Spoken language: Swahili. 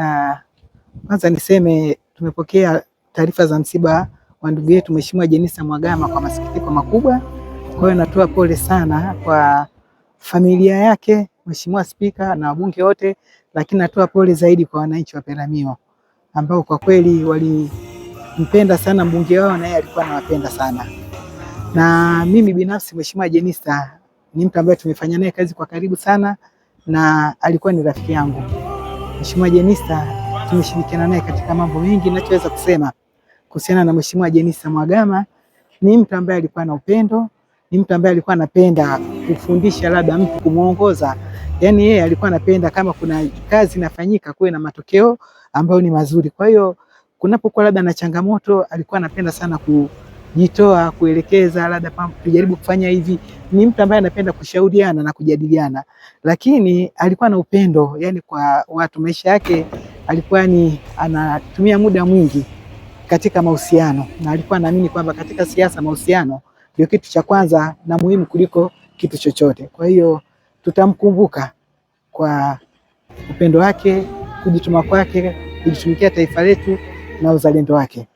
Ah, kwanza niseme tumepokea taarifa za msiba wa ndugu yetu Mheshimiwa Jenista Mhagama kwa masikitiko makubwa. Kwa hiyo natoa pole sana kwa familia yake, Mheshimiwa Spika na wabunge wote, lakini natoa pole zaidi kwa wananchi wa Peramiho ambao kwa kweli walimpenda sana mbunge wao, naye alikuwa anawapenda sana. Na mimi binafsi Mheshimiwa Jenista ni mtu ambaye tumefanya naye kazi kwa karibu sana na alikuwa ni rafiki yangu. Mheshimiwa Jenista tumeshirikiana naye katika mambo mengi. Ninachoweza kusema kuhusiana na Mheshimiwa Jenista Mhagama ni mtu ambaye alikuwa na upendo, ni mtu ambaye alikuwa anapenda kufundisha labda mtu kumuongoza. Yaani yeye alikuwa anapenda kama kuna kazi inafanyika kuwe na matokeo ambayo ni mazuri. Kwa hiyo kunapokuwa labda na changamoto alikuwa anapenda sana ku kujitoa kuelekeza, labda tujaribu kufanya hivi. Ni mtu ambaye anapenda kushauriana na kujadiliana, lakini alikuwa na upendo yani kwa watu. Maisha yake alikuwa ni anatumia muda mwingi katika mahusiano, na alikuwa anaamini kwamba katika siasa mahusiano ndio kitu cha kwanza na muhimu kuliko kitu chochote. Kwa hiyo tutamkumbuka kwa upendo wake, kujituma kwake, kujitumikia taifa letu na uzalendo wake.